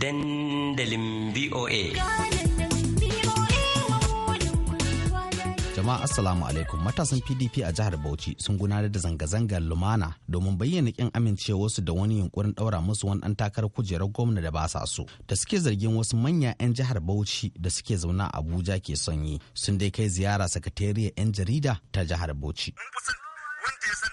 dandalin VOA. Jama'a Assalamu alaikum matasan PDP a jihar Bauchi sun gudanar da zanga-zangar lumana domin bayyana kin amincewarsu da wani yunkurin ɗaura musu wani dan takarar kujerar gwamna da ba sa so. Da suke zargin wasu manya 'yan jihar Bauchi da suke zauna a Abuja ke son yi sun dai kai ziyara sakatariyar 'yan jarida ta jihar Bauchi. Wanda ya san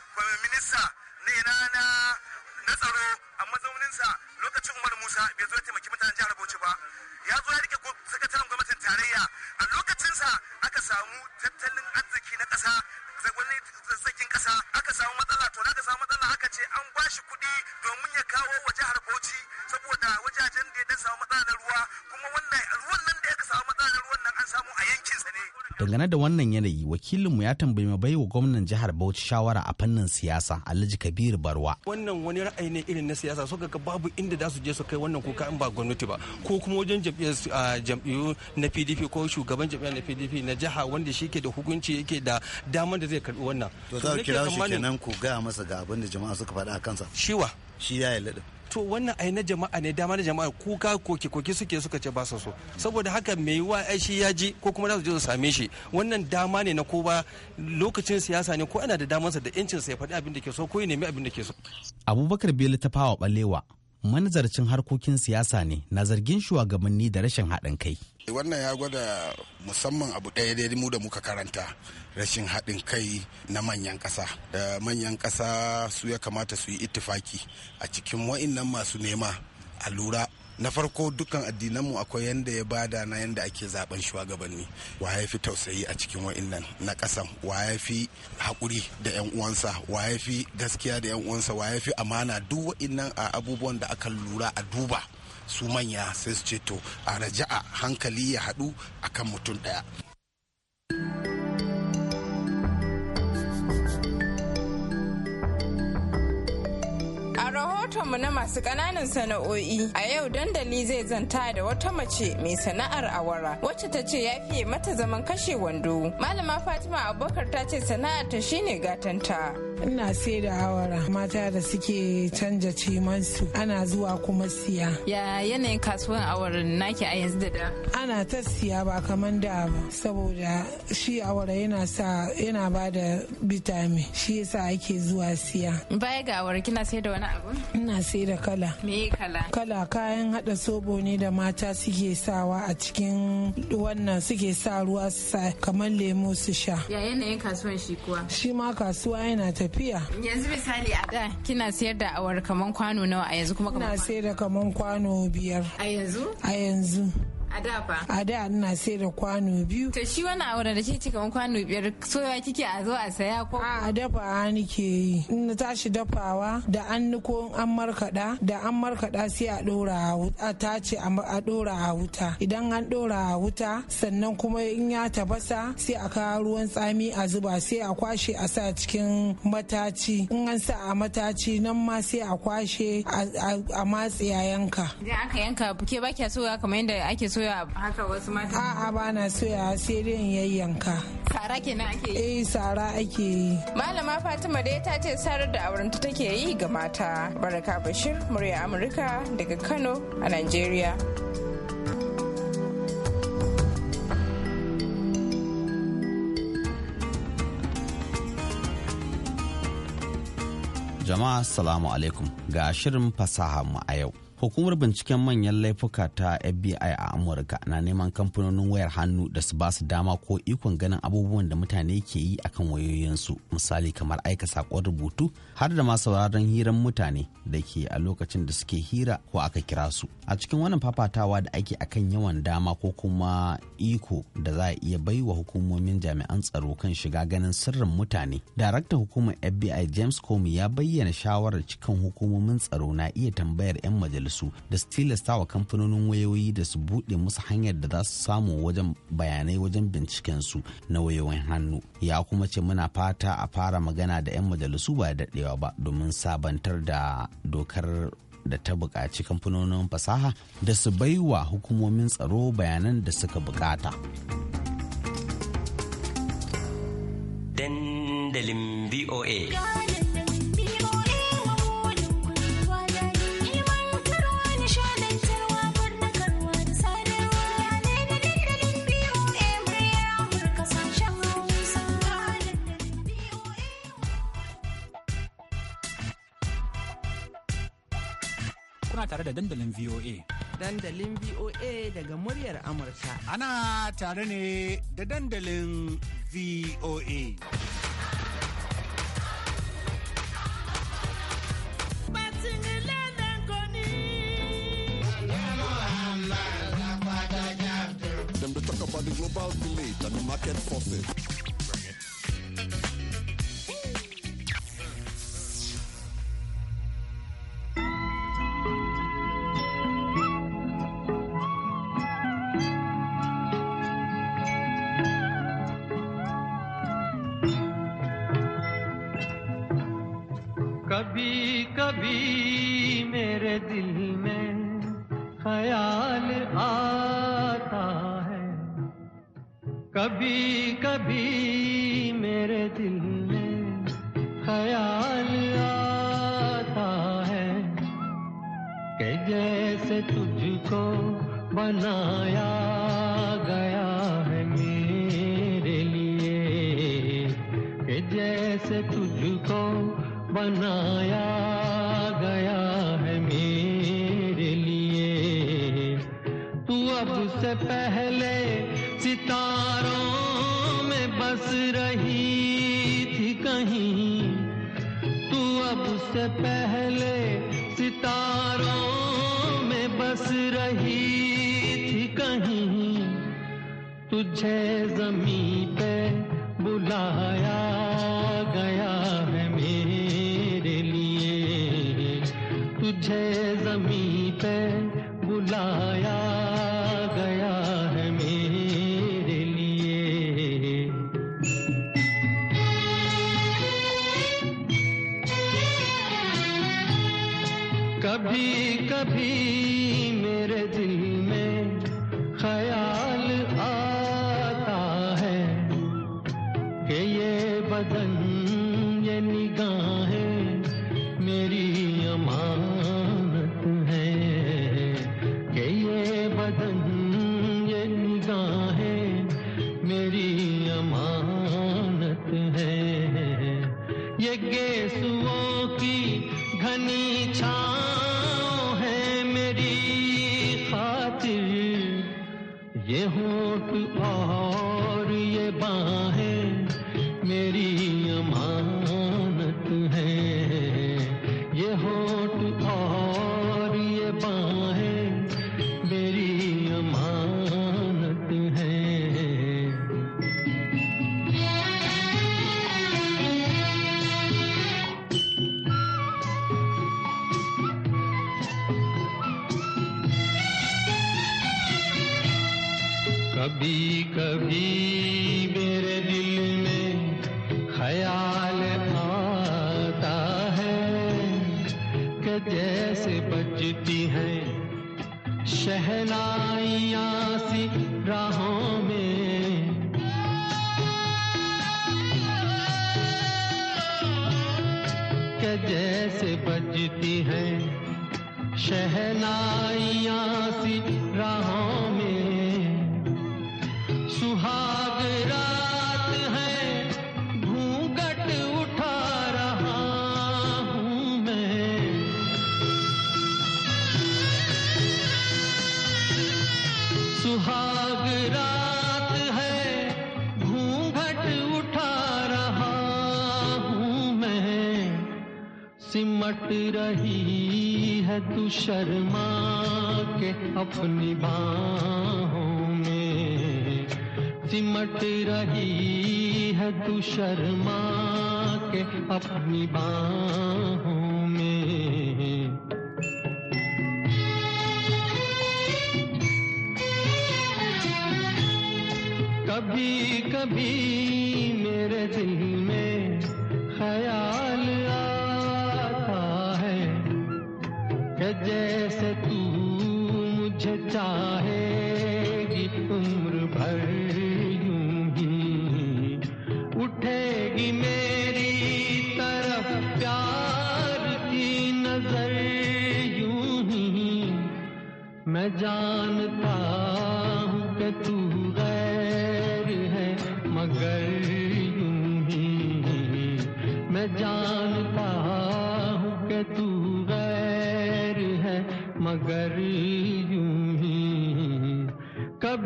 minista ne na na tsaro a mazauninsa lokacin Umar Musa bai zo ya taimaki mutanen jihar Bauchi ba ya zo ya rike sakataren gwamnatin tarayya a lokacinsa aka samu tattalin arziki na ƙasa wani zazzakin ƙasa aka samu matsala to da samu matsala aka ce an bashi kuɗi domin ya kawo wa jihar Bauchi saboda wajajen da ya samu matsala ruwa kuma wannan ruwan nan da ya samu matsala ruwan nan an samu a yankinsa ne dangane da wannan yanayi wakilinmu ya tambayi ma baiwa gwamnan jihar bauchi shawara a fannin siyasa alhaji kabir barwa wannan wani ra'ayi ne irin na siyasa suka ga babu inda za su je su kai wannan kuka in ba gwamnati ba ko kuma wajen ah, jam'iyyu na pdp ko shugaban jam'iyyar na pdp na jiha wanda shi ke da hukunci yake da damar da zai karbi wannan to za ku kira shi kenan ku gaya masa ga abin da jama'a suka faɗa a kansa shiwa shi ya yi to wannan ai na jama'a ne dama na jama'a kuka koke koke suke suka ce ba su so saboda haka mai yiwa ai shi ya ji ko kuma za su je su same shi wannan dama ne na kowa lokacin siyasa ne ko ana da damansa da yancin sa ya faɗi abin da ke so ko ya nemi abin da ke so abubakar bello ta fawa balewa manazarcin harkokin siyasa ne na zargin shugabanni da rashin haɗin kai. Wannan ya gwada musamman abu ɗaya dai mu da muka karanta rashin haɗin kai na manyan ƙasa. Da manyan ƙasa su ya kamata su yi ittifaki a cikin wa'in nan masu nema a lura na farko dukkan addinanmu akwai yadda ya bada na yadda ake zaben shugabanni wa ya fi tausayi a cikin wa'innan na kasan wa ya fi haƙuri da 'yan uwansa wa ya fi gaskiya da 'yan uwansa wa ya fi amana duk wa'innan a abubuwan da aka lura a duba su manya sai su ce to a raja'a hankali ya haɗu akan mutum ɗaya rahotonmu na masu ƙananan sana'o'i a yau dandali zai zanta da wata mace mai sana'ar awara wacce ta ce ya fiye mata zaman kashe wando malama fatima abubakar ta ce sana'ar ta shine gatanta. ina sai da awara mata da suke canja cimansu ana zuwa kuma siya ya yanayin kasuwan awara naki a yanzu da da ana ta siya ba kamar da ba saboda shi awara yana sa yana ba da vitamin shi yasa ake zuwa siya baya ga awara kina sai da wani abu ina sai da kala me kala kala kayan hada sobo ne da mata suke sawa a cikin wannan suke sa ruwa su sa kamar lemo su sha ya yanayin kasuwan shi kuwa shi ma kasuwa yana tafiya tafiya yanzu misali a da kina sayar da awar kaman kwano nawa a yanzu kuma kaman sayar da kaman kwano biyar a yanzu a yanzu A da fa. A da ina sai da kwano biyu. To shi wani aure da ke cikin kwano biyar soya kike a zo a saya ko? A dafa ke yi. In tashi dafawa da an niko an markaɗa da an markaɗa sai a ɗora a tace a ɗora a wuta. Idan an ɗora a wuta sannan kuma in ya tafasa sai a kawo ruwan tsami a zuba sai a kwashe a sa cikin mataci. In an sa a mataci nan ma sai a kwashe a matse a yanka. Idan aka yanka ke ba kya soya kamar yadda ake so soya haka wasu mata a'a ba na soya sai dai yayyanka sara kenan ake yi eh sara ake yi malama fatima dai ta ce sarar da aurenta take yi ga mata baraka bashir murya amurka daga kano a nigeria jama'a salamu alaikum ga shirin fasaha mu a yau hukumar binciken manyan laifuka ta fbi a amurka na neman kamfanonin wayar hannu da su ba su dama ko ikon ganin abubuwan da mutane ke yi akan wayoyinsu misali kamar aika sakon rubutu har da masu sauraron hiran mutane da ke a lokacin da suke hira ko aka kira su a cikin wannan fafatawa da ake akan yawan dama ko kuma iko da za a iya baiwa hukumomin jami'an tsaro kan shiga ganin sirrin mutane daraktan hukumar fbi james comey ya bayyana shawarar cikin hukumomin tsaro na iya tambayar 'yan majalisu su da su tilasta wa kamfanonin wayoyi da su buɗe musu hanyar da za su samu wajen bayanai wajen binciken su na wayoyin hannu ya kuma ce muna fata a fara magana da 'yan majalisu ba daɗewa ba domin sabantar da dokar da ta buƙaci kamfanonin fasaha da su baiwa hukumomin tsaro bayanan da suka buƙata. dandalin VOA. da dandalin VOA. Dandalin VOA daga muryar Amurka. Ana tare ne da dandalin VOA. कभी मेरे दिल में ख्याल आता है कभी कभी मेरे दिल में ख्याल आता है के जैसे तुझको बनाया गया है मेरे लिए कि जैसे तुझको बनाया पहले सितारों में बस रही थी कहीं तू अब उससे पहले सितारों में बस रही थी कहीं तुझे जमी पे बुला நீ शहनाइया सी राहों में के जैसे बजती है शहनाइया सी राहों कट रही है तू शर्मा के अपनी बाहों में सिमट रही है तू शर्मा के अपनी बाहों में कभी कभी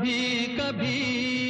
कभी कभी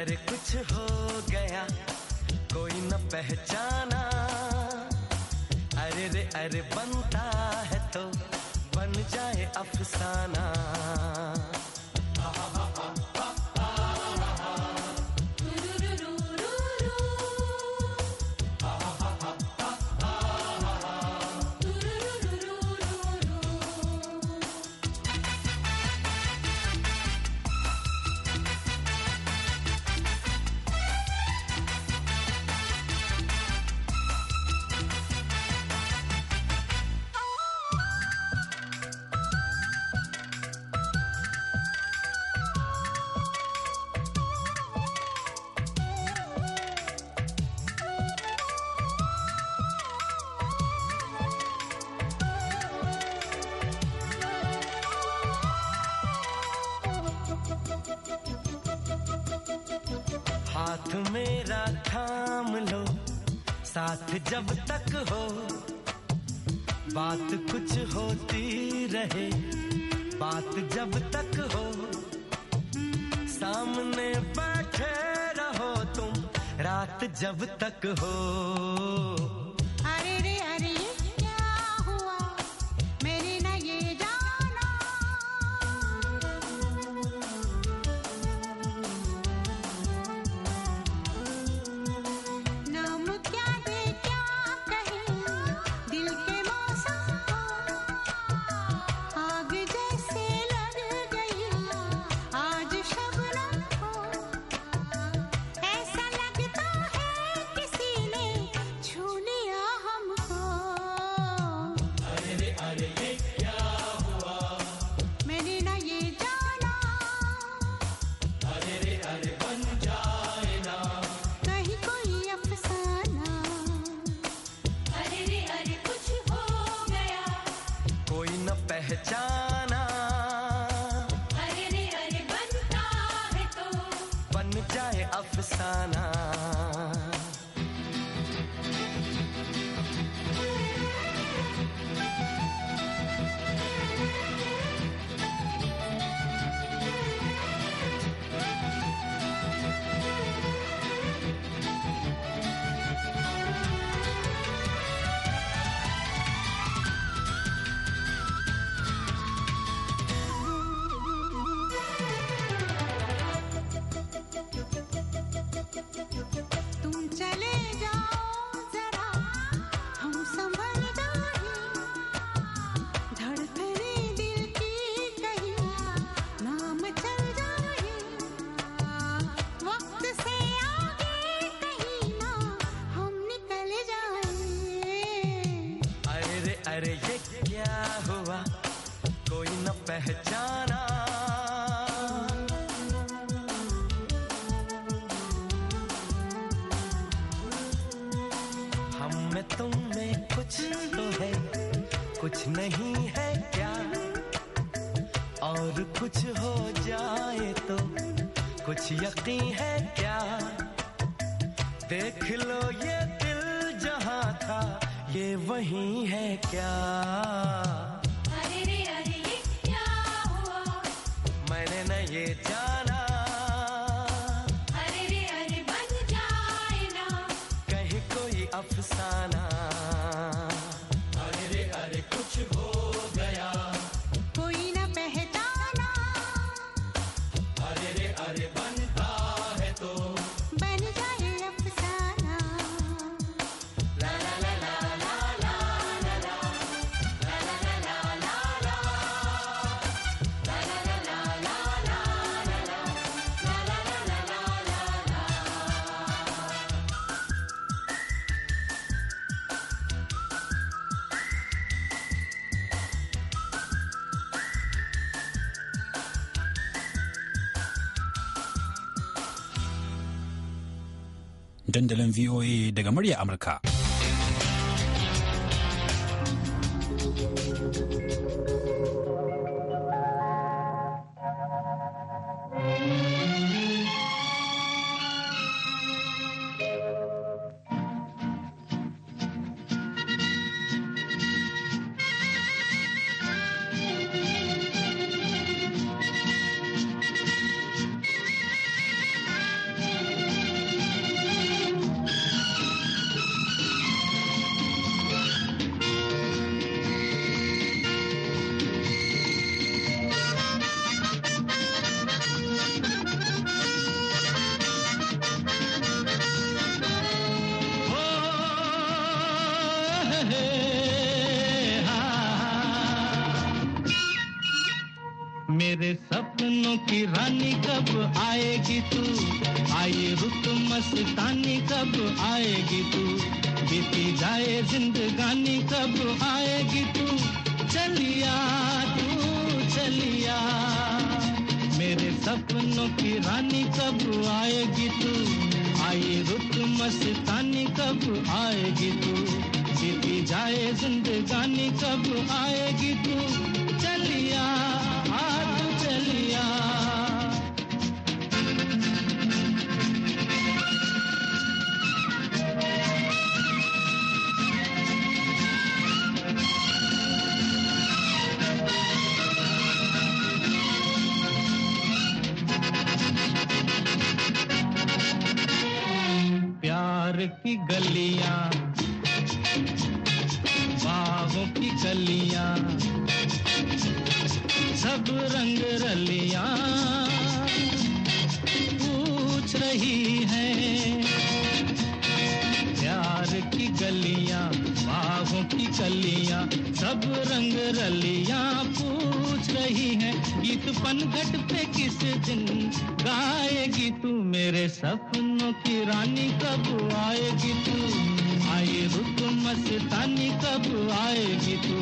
खैर कुछ हो गया कोई न पहचाना अरे रे अरे बनता है तो बन जाए अफसाना हाथ मेरा थाम लो साथ जब तक हो बात कुछ होती रहे बात जब तक हो सामने बैठे रहो तुम रात जब तक हो Hecha कुछ यकीन है क्या देख लो ये दिल जहां था ये वही है क्या dandalin VOA daga murya Amurka. दास्तानी कब आएगी तू बीती जाए जिंदगानी कब आएगी तू चलिया तू चलिया मेरे सपनों की रानी कब आएगी तू आई रुत मस्तानी कब आएगी तू बीती जाए जिंदगानी कब आएगी तू की गलियां बागों की गलियां सब रंग रलियां पूछ रही है प्यार की गलियां बागों की गलियां सब रंग रलियां पूछ रही है गीत पनघट पे किस दिन गाएगी तू मेरे सपन सपनों की रानी कब आएगी तू आए रुक मस्तानी कब आएगी तू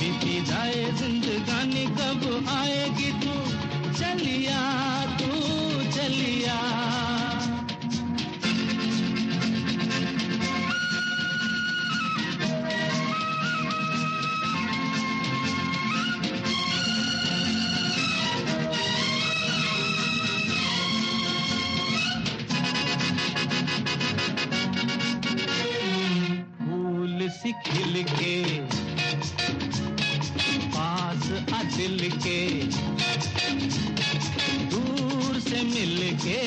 बीती जाए जिंदगानी कब आएगी तू चलिया तू चलिया दिल के दूर से मिल के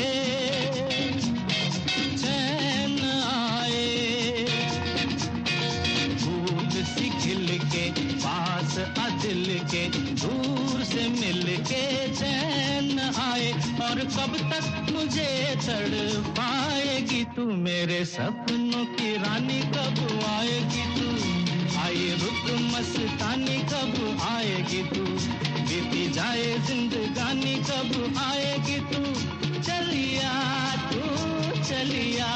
चैन आए भूत सी के पास अदिल के दूर से मिल के चैन आए और कब तक मुझे चढ़ पाएगी तू मेरे सपनों की रानी कब आएगी तू आए रुक मस्तानी कब आएगी तू बीती जाए जिंदगानी कब आएगी तू चलिया तू चलिया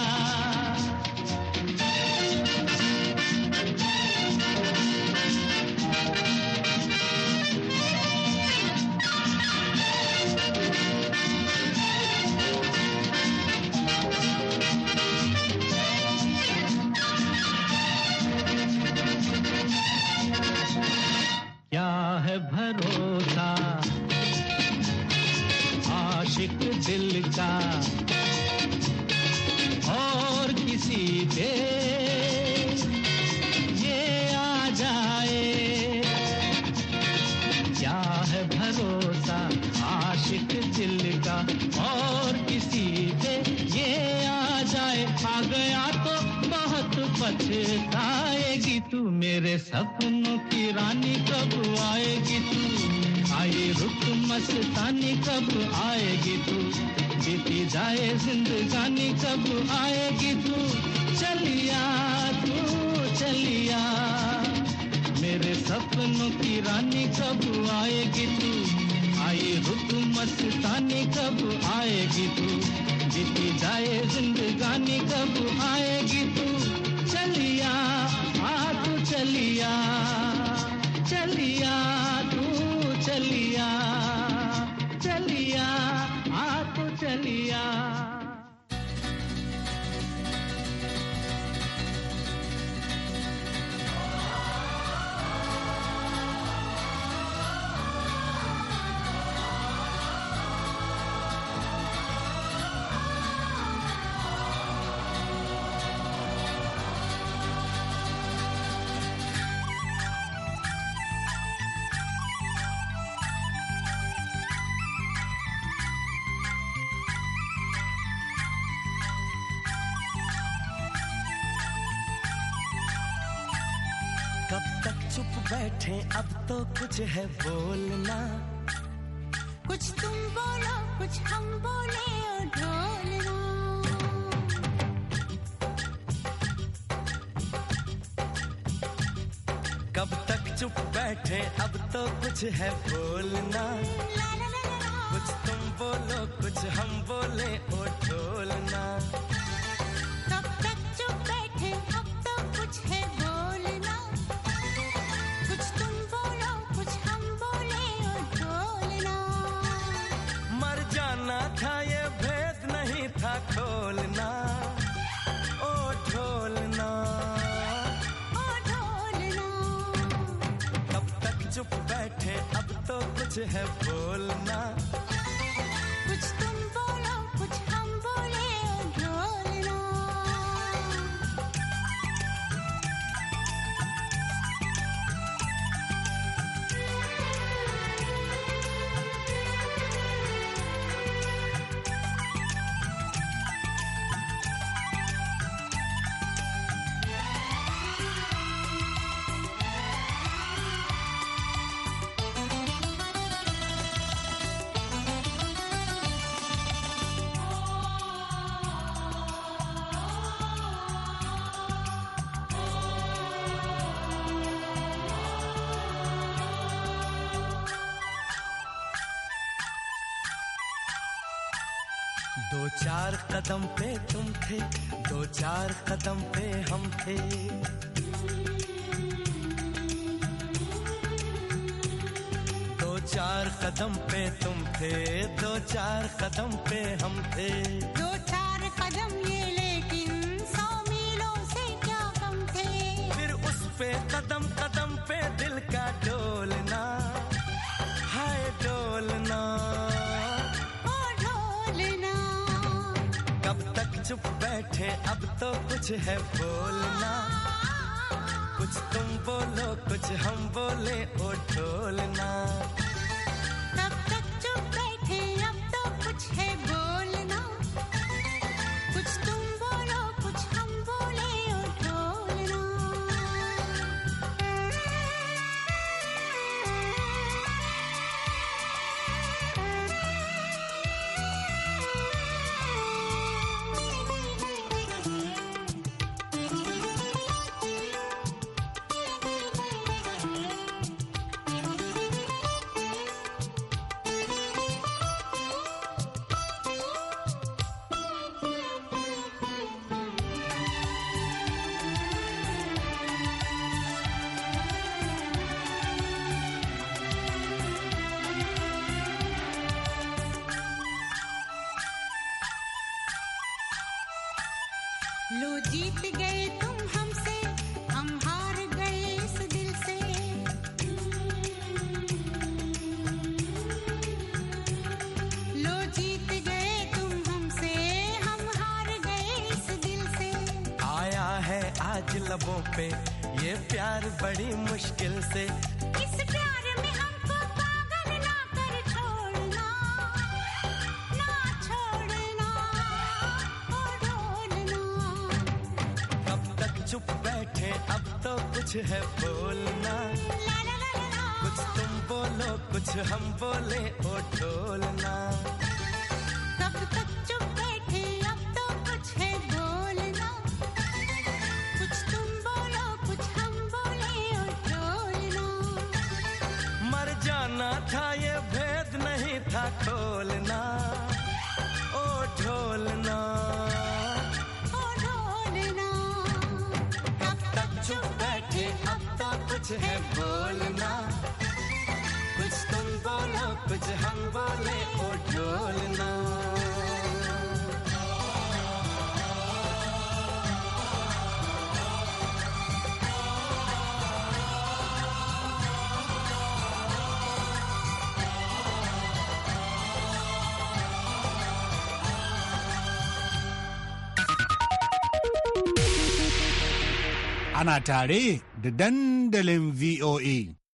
है भरोसा आशिक दिल का और किसी पे मेरे सपनों की रानी कब आएगी तू आई रुक मस्तानी कब आएगी तू बीती जाए जिंदगानी कब आएगी तू चलिया तू चलिया मेरे सपनों की रानी कब आएगी तू आई रुक मस्तानी कब आएगी तू बीती जाए जिंदगानी कब आएगी कुछ है बोलना कुछ तुम बोलो कुछ हम बोले कब तक चुप बैठे अब तो कुछ है बोलना कुछ तुम बोलो कुछ हम बोले ओ ढोलना कब तक चुप बैठे अब तो कुछ है है बोलना चार कदम पे तुम थे दो चार कदम पे हम थे दो चार कदम पे तुम थे दो चार कदम पे हम थे दो चार कदम ये लेकिन सौ मीलों से क्या कम थे फिर उस पे कदम मुझे अब तो कुछ है बोलना कुछ तुम बोलो कुछ हम बोले ओ ढोलना तब तक चुप बैठे अब तो कुछ है बोलना लबों पे ये प्यार बड़ी मुश्किल से इस प्यार में हमको पागल ना कर छोड़ना ना छोड़ना कब तक चुप बैठे अब तो कुछ है बोलना ला ला ला ला कुछ तुम बोलो कुछ हम बोलो ana tare da dandalin VOA.